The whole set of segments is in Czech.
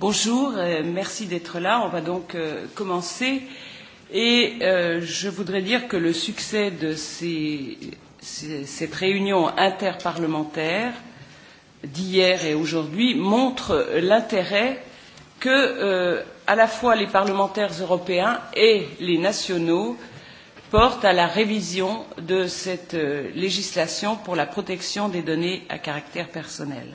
Bonjour, euh, merci d'être là. On va donc euh, commencer. Et euh, je voudrais dire que le succès de ces, ces, cette réunion interparlementaire d'hier et aujourd'hui montre l'intérêt que, euh, à la fois les parlementaires européens et les nationaux portent à la révision de cette euh, législation pour la protection des données à caractère personnel. Euh,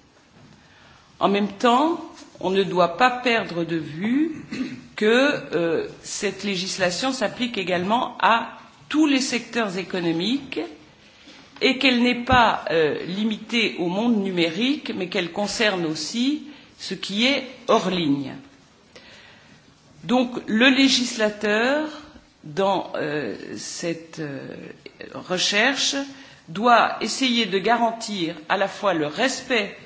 En même temps, on ne doit pas perdre de vue que euh, cette législation s'applique également à tous les secteurs économiques et qu'elle n'est pas euh, limitée au monde numérique, mais qu'elle concerne aussi ce qui est hors ligne. Donc le législateur, dans euh, cette euh, recherche, doit essayer de garantir à la fois le respect euh,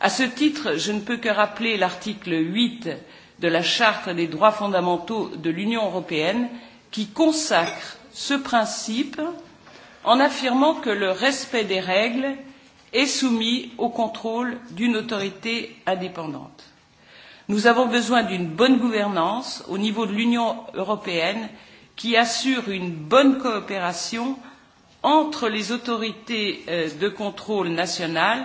À ce titre, je ne peux que rappeler l'article huit de la Charte des droits fondamentaux de l'Union européenne qui consacre ce principe en affirmant que le respect des règles est soumis au contrôle d'une autorité indépendante. Nous avons besoin d'une bonne gouvernance au niveau de l'Union européenne qui assure une bonne coopération entre les autorités euh, de contrôle nationales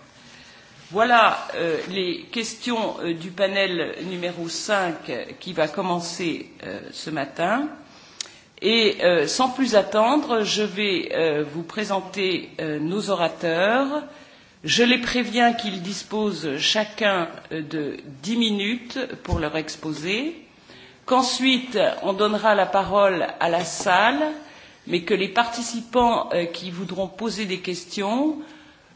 Voilà euh, les questions euh, du panel numéro 5 euh, qui va commencer euh, ce matin. Et euh, sans plus attendre, je vais euh, vous présenter euh, nos orateurs. Je les préviens qu'ils disposent chacun euh, de 10 minutes pour leur exposer, qu'ensuite on donnera la parole à la salle, mais que les participants euh, qui voudront poser des questions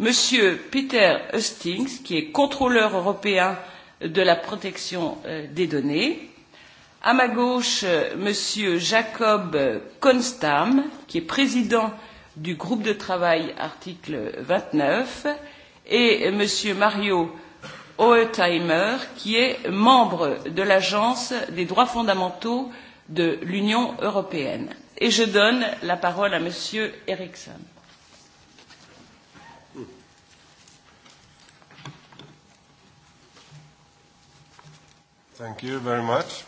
M. Peter Hustings, qui est contrôleur européen de la protection euh, des données. À ma gauche, euh, M. Jacob Constam, qui est président du groupe de travail article vingt neuf et M. Mario Hoetheimer, qui est membre de l'Agence des droits fondamentaux de l'Union européenne. Et je donne la parole à M. Eriksson. Thank you very much.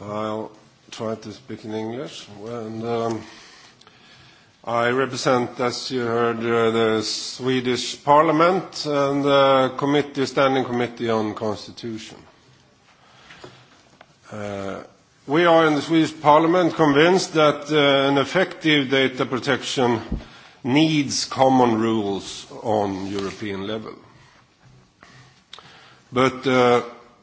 I'll try to speak in English. um, I represent, as you heard, uh, the Swedish Parliament and the committee, Standing Committee on Constitution. Uh, we are in the Swedish Parliament convinced that uh, an effective data protection needs common rules on European level. But uh,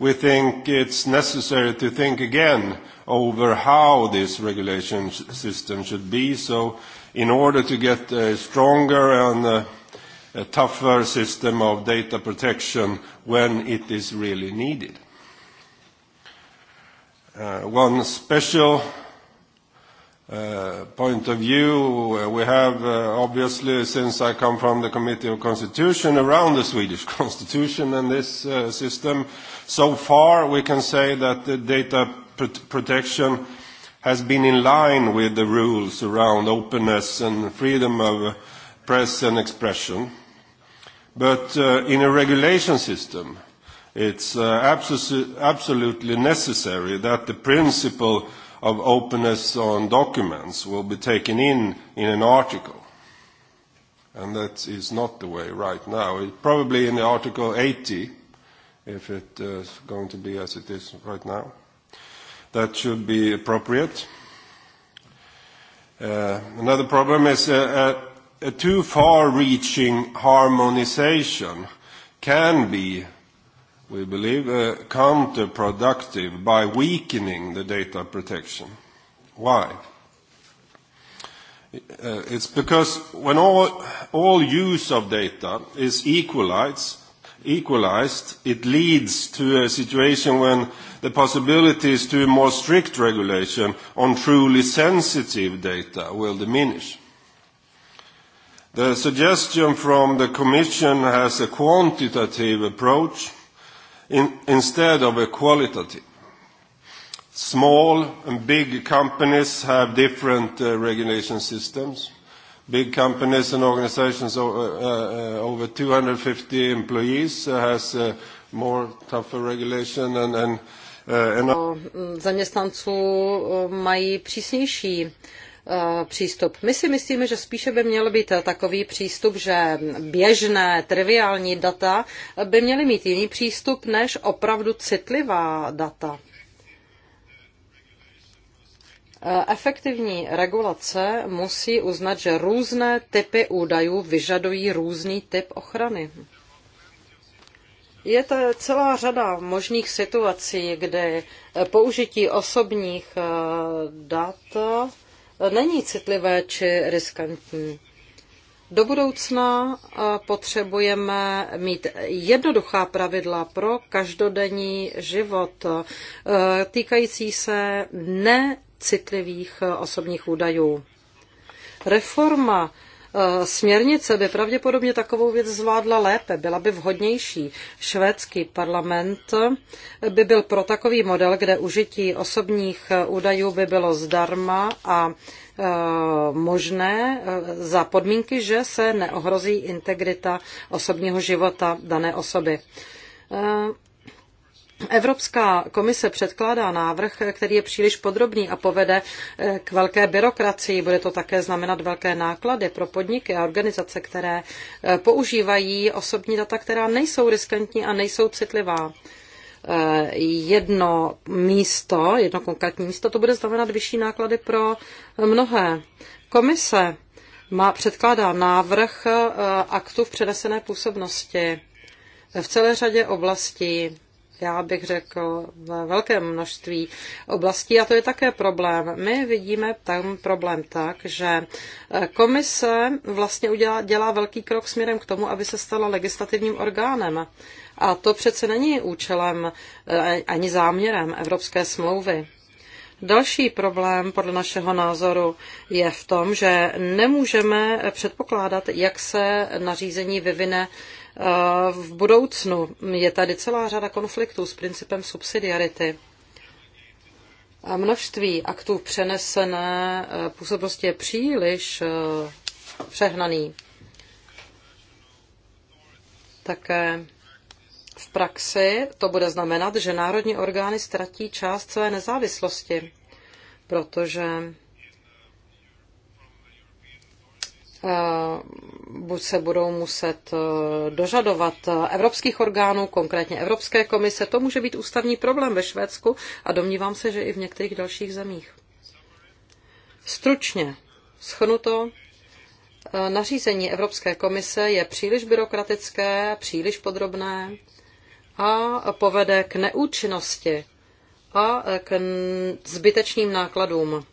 we think it's necessary to think again over how this regulation system should be. So in order to get a stronger and a, tougher system of data protection when it is really needed. Uh, one special uh, point of view. Uh, we have, obviously, since I come from the Committee of Constitution, around the Swedish Constitution and this system, So far, we can say that the data protection has been in line with the rules around openness and freedom of press and expression. But uh, in a regulation system, it's uh, absolutely necessary that the principle of openness on documents will be taken in in an article. And that is not the way right now. probably in Article 80, if it is going to be as it is right now. That should be appropriate. Uh, another problem is uh, uh, a, too far-reaching harmonization can be, we believe, counterproductive by weakening the data protection. Why? it's because when all, all use of data is equalized, equalized, it leads to a situation when the possibilities to more strict regulation on truly sensitive data will diminish. The suggestion from the Commission has a quantitative approach in, instead of a qualitative. Small and big companies have different uh, regulation systems big companies and organizations uh, uh, uh, over 250 employees has more tougher regulation and, and, mm, Zaměstnanců mají přísnější přístup. My si myslíme, že spíše by měl být takový přístup, že běžné, triviální data by měly mít jiný přístup než opravdu citlivá data. Efektivní regulace musí uznat, že různé typy údajů vyžadují různý typ ochrany. Je to celá řada možných situací, kdy použití osobních eh, dat eh, není citlivé či riskantní. Do budoucna eh, potřebujeme mít jednoduchá pravidla pro každodenní život, týkající se ne citlivých eh, osobních údajů. Reforma eh, směrnice by pravděpodobně takovou věc zvládla lépe, byla by vhodnější. Švédský parlament eh, by byl pro takový model, kde užití osobních údajů by bylo zdarma a možné za podmínky, že se neohrozí integrita osobního života dané osoby. Evropská komise předkládá návrh, který je příliš podrobný a povede eh, k velké byrokracii. Bude to také znamenat velké náklady pro podniky a organizace, které eh, používají osobní data, která nejsou riskantní a nejsou citlivá. Eh, jedno místo, jedno konkrétní místo, to bude znamenat vyšší náklady pro mnohé. Komise má, předkládá návrh aktu v přenesené působnosti v celé řadě oblastí já bych řekl, v velkém množství oblastí a to je také problém. My vidíme ten problém tak, že eh, komise vlastně udělá, dělá velký krok směrem k tomu, aby se stala legislativním orgánem. A to přece není účelem eh, ani záměrem Evropské smlouvy. Další problém podle našeho názoru je v tom, že nemůžeme předpokládat, jak se nařízení vyvine eh, v budoucnu. Je tady celá řada konfliktů s principem subsidiarity. A množství aktů přenesené eh, působnosti je příliš eh, přehnaný. Také praxi to bude znamenat, že národní orgány ztratí část své nezávislosti, protože eh, buď se budou muset eh, dožadovat evropských orgánů, konkrétně Evropské komise. To může být ústavní problém ve Švédsku a domnívám se, že i v některých dalších zemích. Stručně schnuto, eh, nařízení Evropské komise je příliš byrokratické, příliš podrobné a povede k neúčinnosti a k zbytečným nákladům.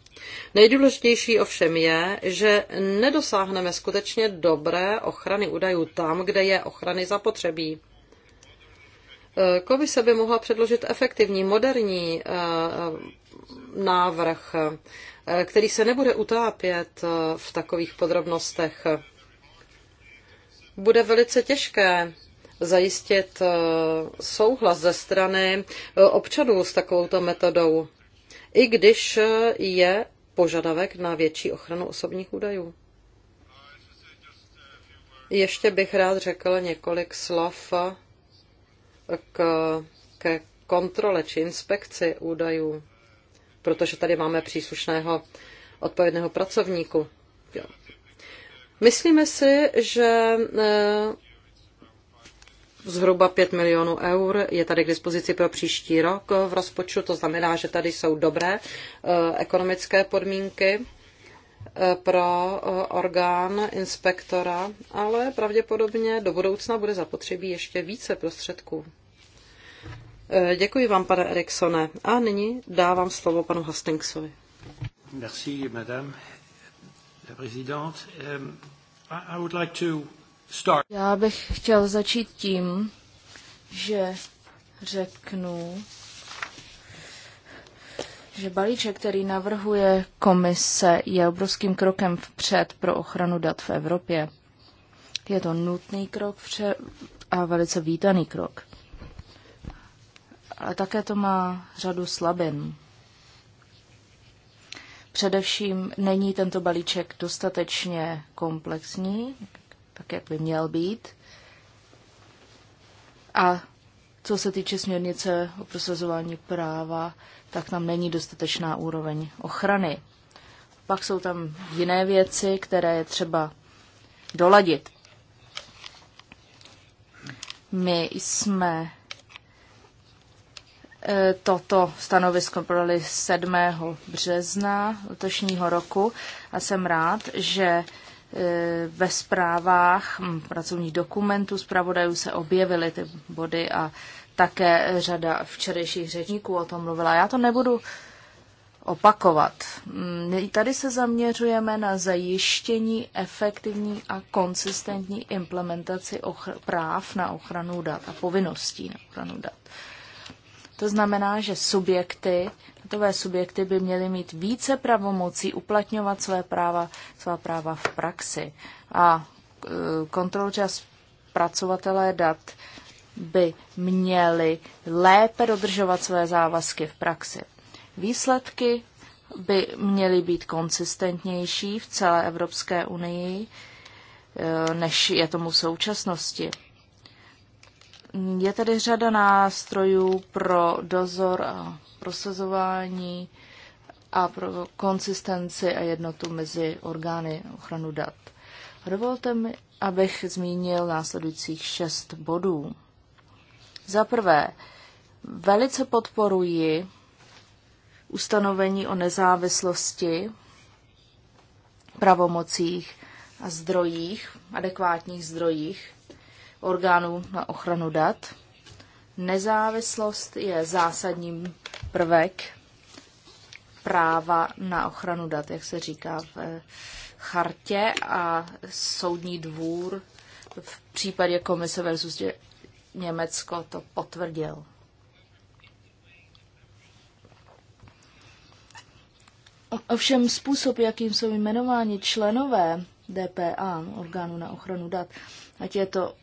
Nejdůležitější ovšem je, že nedosáhneme skutečně dobré ochrany údajů tam, kde je ochrany zapotřebí. se by mohla předložit efektivní, moderní eh, návrh, eh, který se nebude utápět eh, v takových podrobnostech. Bude velice těžké zajistit eh, souhlas ze strany eh, občanů s takovouto metodou, i když eh, je požadavek na větší ochranu osobních údajů. Ještě bych rád řekl několik slov k, ke kontrole či inspekci údajů, protože tady máme příslušného odpovědného pracovníku. Jo. Myslíme si, že zhruba 5 milionů eur je tady k dispozici pro příští rok v rozpočtu, to znamená, že tady jsou dobré eh, ekonomické podmínky eh, pro eh, orgán inspektora, ale pravděpodobně do budoucna bude zapotřebí ještě více prostředků. Děkuji vám, pane Eriksone. A nyní dávám slovo panu Hastingsovi. Merci, madame la présidente. Um, I, I would like to já bych chtěl začít tím, že řeknu, že balíček, který navrhuje komise, je obrovským krokem vpřed pro ochranu dat v Evropě. Je to nutný krok vpřed a velice vítaný krok. Ale také to má řadu slabin. Především není tento balíček dostatečně komplexní, tak, jak by měl být. A co se týče směrnice o prosazování práva, tak tam není dostatečná úroveň ochrany. Pak jsou tam jiné věci, které je třeba doladit. My jsme eh, toto stanovisko prodali 7. března letošního roku a jsem rád, že E, ve zprávách pracovních dokumentů zpravodajů se objevily ty body a také řada včerejších řečníků o tom mluvila. Já to nebudu opakovat. Mm, tady se zaměřujeme na zajištění efektivní a konsistentní implementaci práv na ochranu dat a povinností na ochranu dat. To znamená, že subjekty, datové subjekty by měly mít více pravomocí uplatňovat své práva, svá práva v praxi. A e, kontroloři a zpracovatelé dat by měli lépe dodržovat své závazky v praxi. Výsledky by měly být konsistentnější v celé Evropské unii, e, než je tomu v současnosti. Je tady řada nástrojů pro dozor a prosazování a pro konsistenci a jednotu mezi orgány ochranu dat. Dovolte mi, abych zmínil následujících šest bodů. Za prvé, velice podporuji ustanovení o nezávislosti, pravomocích a zdrojích, adekvátních zdrojích orgánů na ochranu dat. Nezávislost je zásadní prvek práva na ochranu dat, jak se říká v eh, chartě a soudní dvůr v případě komise versus Německo to potvrdil. Ovšem způsob, jakým jsou jmenováni členové DPA, orgánu na ochranu dat, ať je to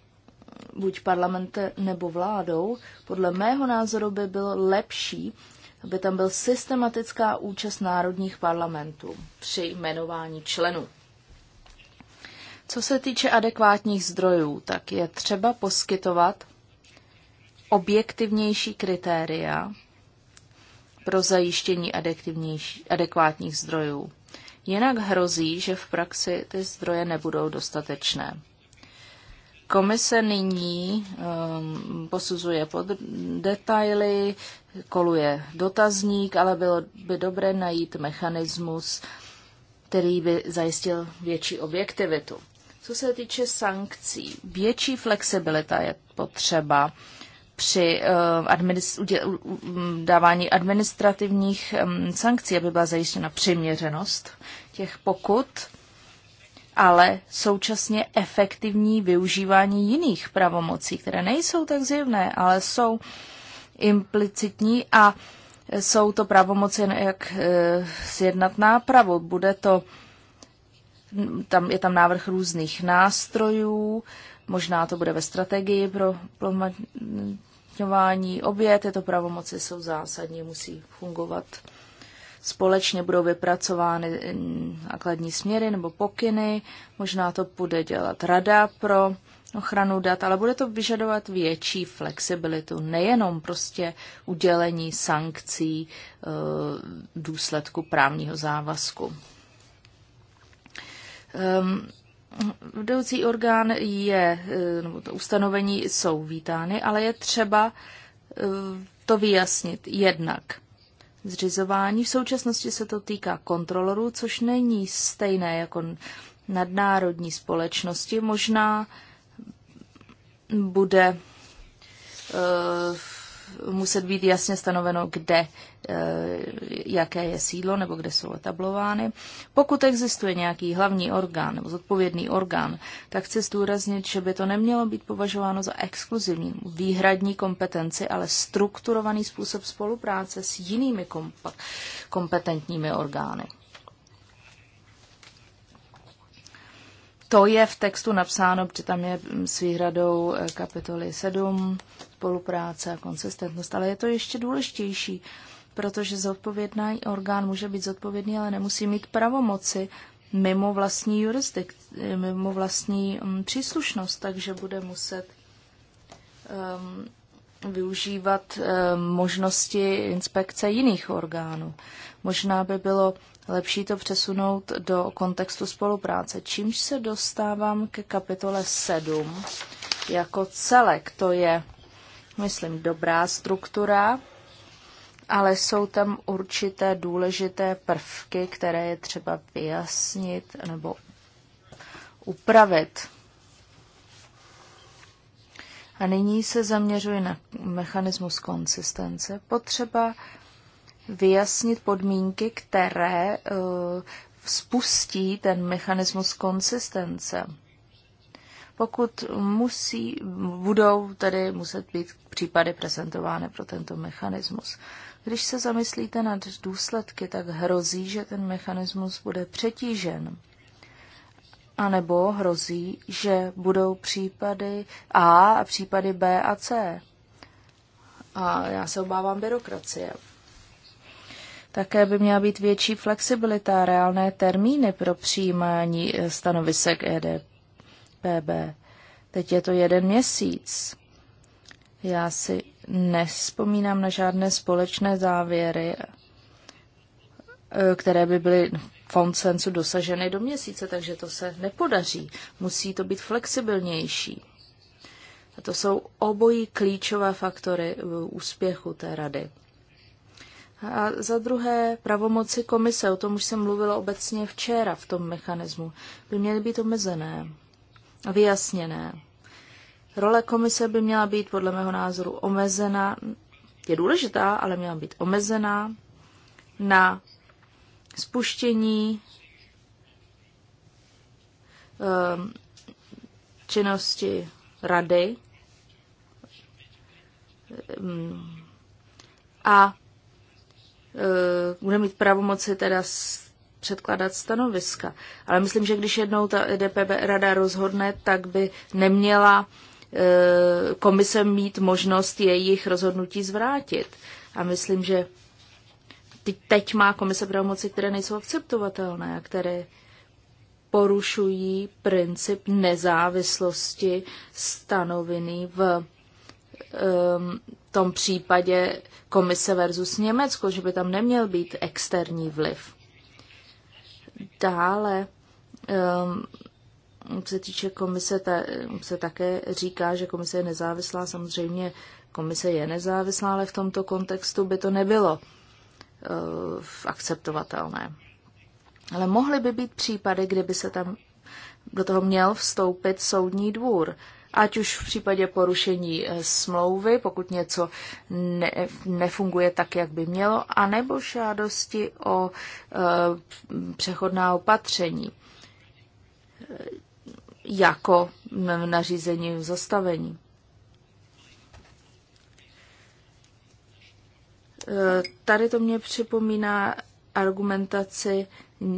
buď parlamente nebo vládou, podle mého názoru by bylo lepší, aby tam byl systematická účast národních parlamentů při jmenování členů. Co se týče adekvátních zdrojů, tak je třeba poskytovat objektivnější kritéria pro zajištění adekvátních zdrojů. Jinak hrozí, že v praxi ty zdroje nebudou dostatečné. Komise nyní um, posuzuje pod detaily, koluje dotazník, ale bylo by dobré najít mechanismus, který by zajistil větší objektivitu. Co se týče sankcí, větší flexibilita je potřeba při uh, administ- udě- mm, dávání administrativních um, sankcí, aby byla zajištěna přiměřenost těch pokut ale současně efektivní využívání jiných pravomocí, které nejsou tak zjevné, ale jsou implicitní a jsou to pravomoci, jak e, sjednat nápravu. Bude to, tam, je tam návrh různých nástrojů, možná to bude ve strategii pro plomaňování obět, tyto pravomoci jsou zásadní, musí fungovat Společně budou vypracovány nákladní mm, směry nebo pokyny, možná to bude dělat rada pro ochranu dat, ale bude to vyžadovat větší flexibilitu, nejenom prostě udělení sankcí e, důsledku právního závazku. Ehm, vedoucí orgán je, e, nebo to ustanovení jsou vítány, ale je třeba e, to vyjasnit jednak zřizování. V současnosti se to týká kontrolorů, což není stejné jako nadnárodní společnosti. Možná bude uh, muset být jasně stanoveno, kde, eh, jaké je sídlo nebo kde jsou etablovány. Pokud existuje nějaký hlavní orgán nebo zodpovědný orgán, tak chci zdůraznit, že by to nemělo být považováno za exkluzivní, výhradní kompetenci, ale strukturovaný způsob spolupráce s jinými kompetentními orgány. To je v textu napsáno, protože tam je s výhradou eh, kapitoly 7 spolupráce a konsistentnost. Ale je to ještě důležitější, protože zodpovědný orgán může být zodpovědný, ale nemusí mít pravomoci mimo vlastní jurisdik, mimo vlastní mm, příslušnost, takže bude muset um, využívat mm, možnosti inspekce jiných orgánů. Možná by bylo lepší to přesunout do kontextu spolupráce, čímž se dostávám ke kapitole 7 jako celek. To je myslím, dobrá struktura, ale jsou tam určité důležité prvky, které je třeba vyjasnit nebo upravit. A nyní se zaměřuji na mechanismus konsistence. Potřeba vyjasnit podmínky, které uh, spustí ten mechanismus konsistence pokud musí, budou tedy muset být případy prezentovány pro tento mechanismus. Když se zamyslíte nad důsledky, tak hrozí, že ten mechanismus bude přetížen. A nebo hrozí, že budou případy A a případy B a C. A já se obávám byrokracie. Také by měla být větší flexibilita, reálné termíny pro přijímání eh, stanovisek EDP PB. Teď je to jeden měsíc. Já si nespomínám na žádné společné závěry, které by byly koncensu dosaženy do měsíce, takže to se nepodaří. Musí to být flexibilnější. A to jsou obojí klíčové faktory úspěchu té rady. A za druhé, pravomoci komise, o tom už jsem mluvila obecně včera v tom mechanismu, by měly být omezené vyjasněné. Role komise by měla být podle mého názoru omezená, je důležitá, ale měla být omezená na spuštění um, činnosti rady um, a uh, bude mít pravomoci teda s předkládat stanoviska. Ale myslím, že když jednou ta e DPB rada rozhodne, tak by neměla e, komise mít možnost jejich rozhodnutí zvrátit. A myslím, že teď má komise pravomoci, které nejsou akceptovatelné a které porušují princip nezávislosti stanovený v um, tom případě komise versus Německo, že by tam neměl být externí vliv. Dále, um, se týče komise, ta, se také říká, že komise je nezávislá. Samozřejmě komise je nezávislá, ale v tomto kontextu by to nebylo uh, akceptovatelné. Ale mohly by být případy, kdyby se tam do toho měl vstoupit soudní dvůr. Uh, ať už v případě porušení e, smlouvy, pokud něco ne, nefunguje tak, jak by mělo, anebo žádosti o e, přechodná opatření, e, jako nařízení v zastavení. E, tady to mě připomíná argumentaci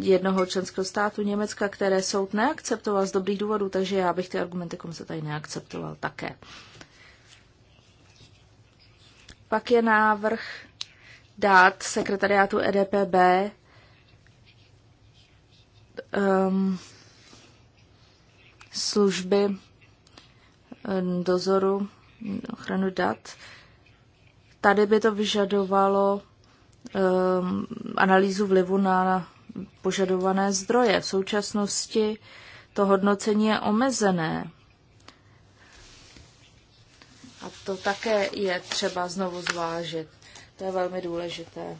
jednoho členského státu Německa, které soud neakceptoval z dobrých důvodů, takže já bych ty argumenty komise tady neakceptoval také. Pak je návrh dát sekretariátu EDPB um, ehm, služby ehm, dozoru ochranu dat. Tady by to vyžadovalo um, analýzu vlivu na požadované zdroje. V současnosti to hodnocení je omezené. A to také je třeba znovu zvážit. To je velmi důležité,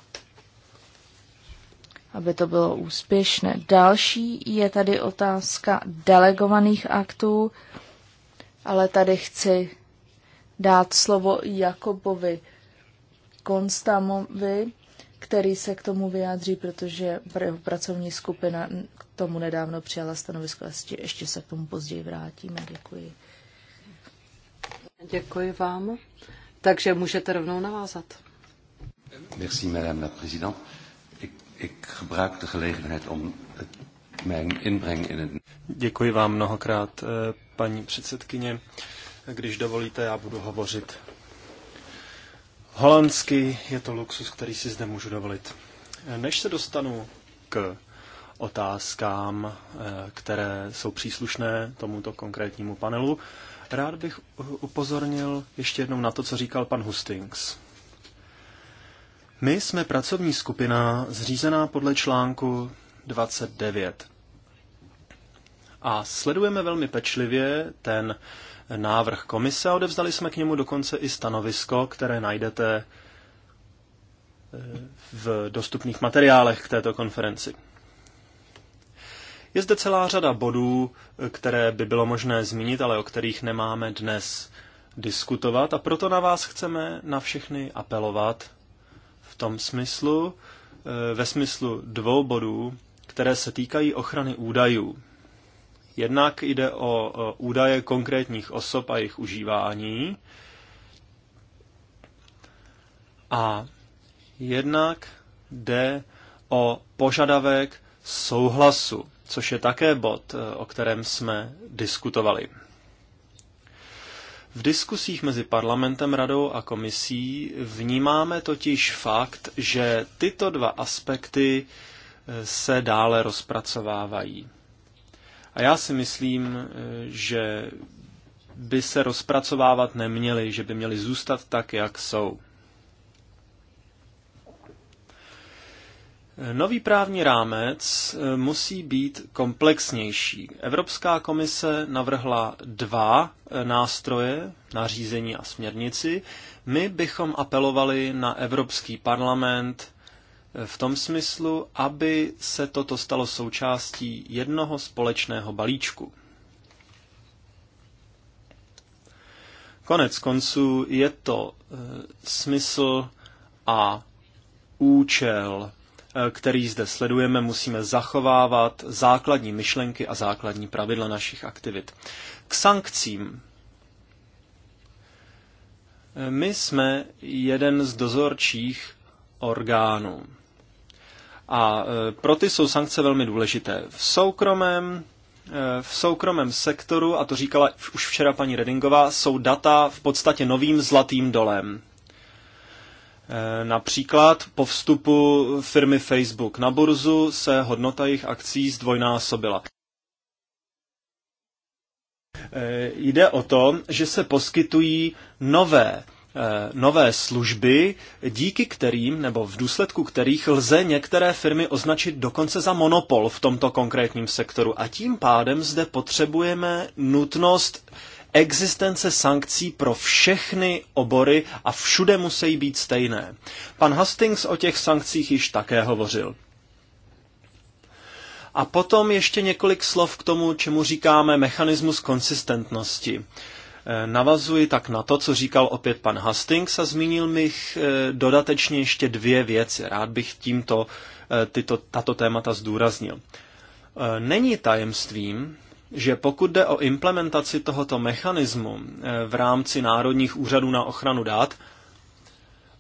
aby to bylo úspěšné. Další je tady otázka delegovaných aktů, ale tady chci dát slovo Jakobovi Konstamovi, který se k tomu vyjádří, protože jeho pracovní skupina k tomu nedávno přijala stanovisko a ještě se k tomu později vrátíme. Děkuji. Děkuji vám. Takže můžete rovnou navázat. Merci, madame la présidente. Ik, ik gebruik de gelegenheid om mijn inbreng in het... Děkuji vám mnohokrát, eh, paní předsedkyně. Když dovolíte, já budu hovořit holandsky. Je to luxus, který si zde můžu dovolit. Než se dostanu k otázkám, eh, které jsou příslušné tomuto konkrétnímu panelu, rád bych upozornil ještě jednou na to, co říkal pan Hustings. My jsme pracovní skupina zřízená podle článku 29. A sledujeme velmi pečlivě ten návrh komise a odevzdali jsme k němu dokonce i stanovisko, které najdete eh, v dostupných materiálech k této konferenci. Je zde celá řada bodů, které by bylo možné zmínit, ale o kterých nemáme dnes diskutovat a proto na vás chceme na všechny apelovat v tom smyslu, eh, ve smyslu dvou bodů, které se týkají ochrany údajů. Jednak jde o údaje konkrétních osob a jejich užívání. A jednak jde o požadavek souhlasu, což je také bod, e, o kterém jsme diskutovali. V diskusích mezi parlamentem, radou a komisí vnímáme totiž fakt, že tyto dva aspekty e, se dále rozpracovávají. A já si myslím, eh, že by se rozpracovávat neměly, že by měly zůstat tak, jak jsou. Eh, nový právní rámec eh, musí být komplexnější. Evropská komise navrhla dva nástroje, nařízení a směrnici. My bychom apelovali na Evropský parlament v tom smyslu, aby se toto stalo součástí jednoho společného balíčku. Konec konců je to e, smysl a účel, e, který zde sledujeme, musíme zachovávat základní myšlenky a základní pravidla našich aktivit. K sankcím. E, my jsme jeden z dozorčích orgánů. A e, pro ty jsou sankce velmi důležité. V soukromém e, v soukromém sektoru, a to říkala už včera paní Redingová, jsou data v podstatě novým zlatým dolem. E, například po vstupu firmy Facebook na burzu se hodnota jejich akcí zdvojnásobila. Jde o to, že se poskytují nové Eh, nové služby, díky kterým nebo v důsledku kterých lze některé firmy označit dokonce za monopol v tomto konkrétním sektoru. A tím pádem zde potřebujeme nutnost existence sankcí pro všechny obory a všude musí být stejné. Pan Hastings o těch sankcích již také hovořil. A potom ještě několik slov k tomu, čemu říkáme mechanismus konsistentnosti. Navazuji tak na to, co říkal opět pan Hastings a zmínil bych eh, dodatečně ještě dvě věci. Rád bych tímto eh, tyto, tato témata zdůraznil. Eh, není tajemstvím, že pokud jde o implementaci tohoto mechanismu v rámci Národních úřadů na ochranu dát,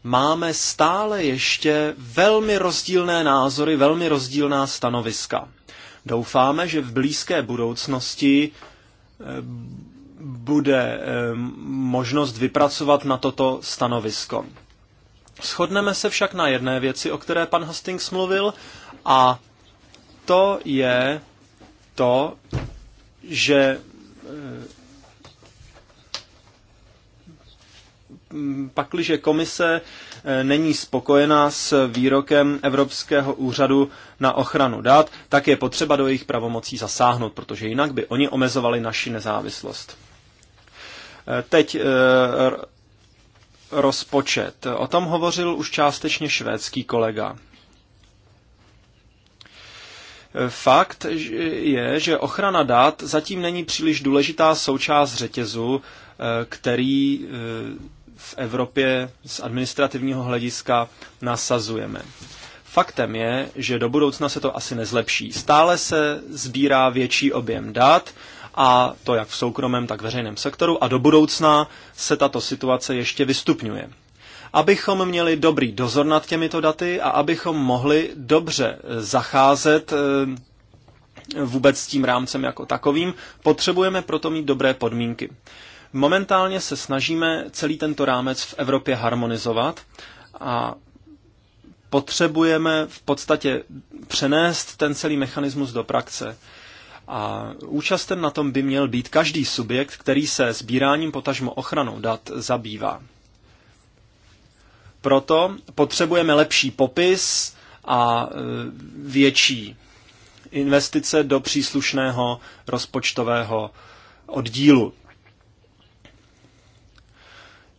máme stále ještě velmi rozdílné názory, velmi rozdílná stanoviska. Doufáme, že v blízké budoucnosti bude eh, možnost vypracovat na toto stanovisko. Shodneme se však na jedné věci, o které pan Hastings mluvil, a to je to, že eh, pakliže komise eh, není spokojená s výrokem Evropského úřadu na ochranu dat, tak je potřeba do jejich pravomocí zasáhnout, protože jinak by oni omezovali naši nezávislost. Teď eh, rozpočet. O tom hovořil už částečně švédský kolega. Fakt je, že ochrana dát zatím není příliš důležitá součást řetězu, eh, který eh, v Evropě z administrativního hlediska nasazujeme. Faktem je, že do budoucna se to asi nezlepší. Stále se sbírá větší objem dat, a to jak v soukromém, tak veřejném sektoru a do budoucna se tato situace ještě vystupňuje. Abychom měli dobrý dozor nad těmito daty a abychom mohli dobře eh, zacházet eh, vůbec s tím rámcem jako takovým, potřebujeme proto mít dobré podmínky. Momentálně se snažíme celý tento rámec v Evropě harmonizovat a potřebujeme v podstatě přenést ten celý mechanismus do praxe. A účasten na tom by měl být každý subjekt, který se sbíráním potažmo ochranou dat zabývá. Proto potřebujeme lepší popis a e, větší investice do příslušného rozpočtového oddílu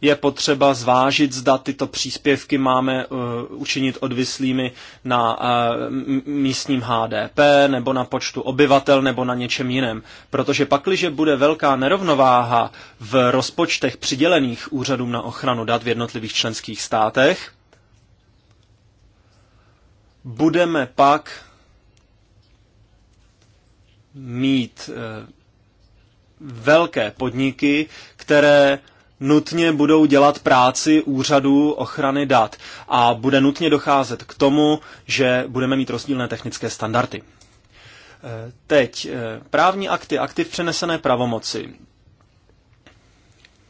je potřeba zvážit, zda tyto příspěvky máme eh, učinit odvislými na eh, místním HDP, nebo na počtu obyvatel, nebo na něčem jiném. Protože pakliže bude velká nerovnováha v rozpočtech přidělených úřadům na ochranu dat v jednotlivých členských státech, budeme pak mít eh, velké podniky, které nutně budou dělat práci úřadu ochrany dat a bude nutně docházet k tomu, že budeme mít rozdílné technické standardy. E, teď e, právní akty, akty v přenesené pravomoci.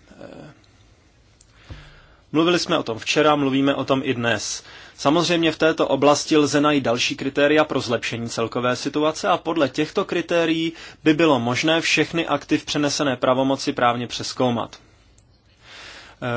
E, mluvili jsme o tom včera, mluvíme o tom i dnes. Samozřejmě v této oblasti lze najít další kritéria pro zlepšení celkové situace a podle těchto kritérií by bylo možné všechny akty v přenesené pravomoci právně přeskoumat.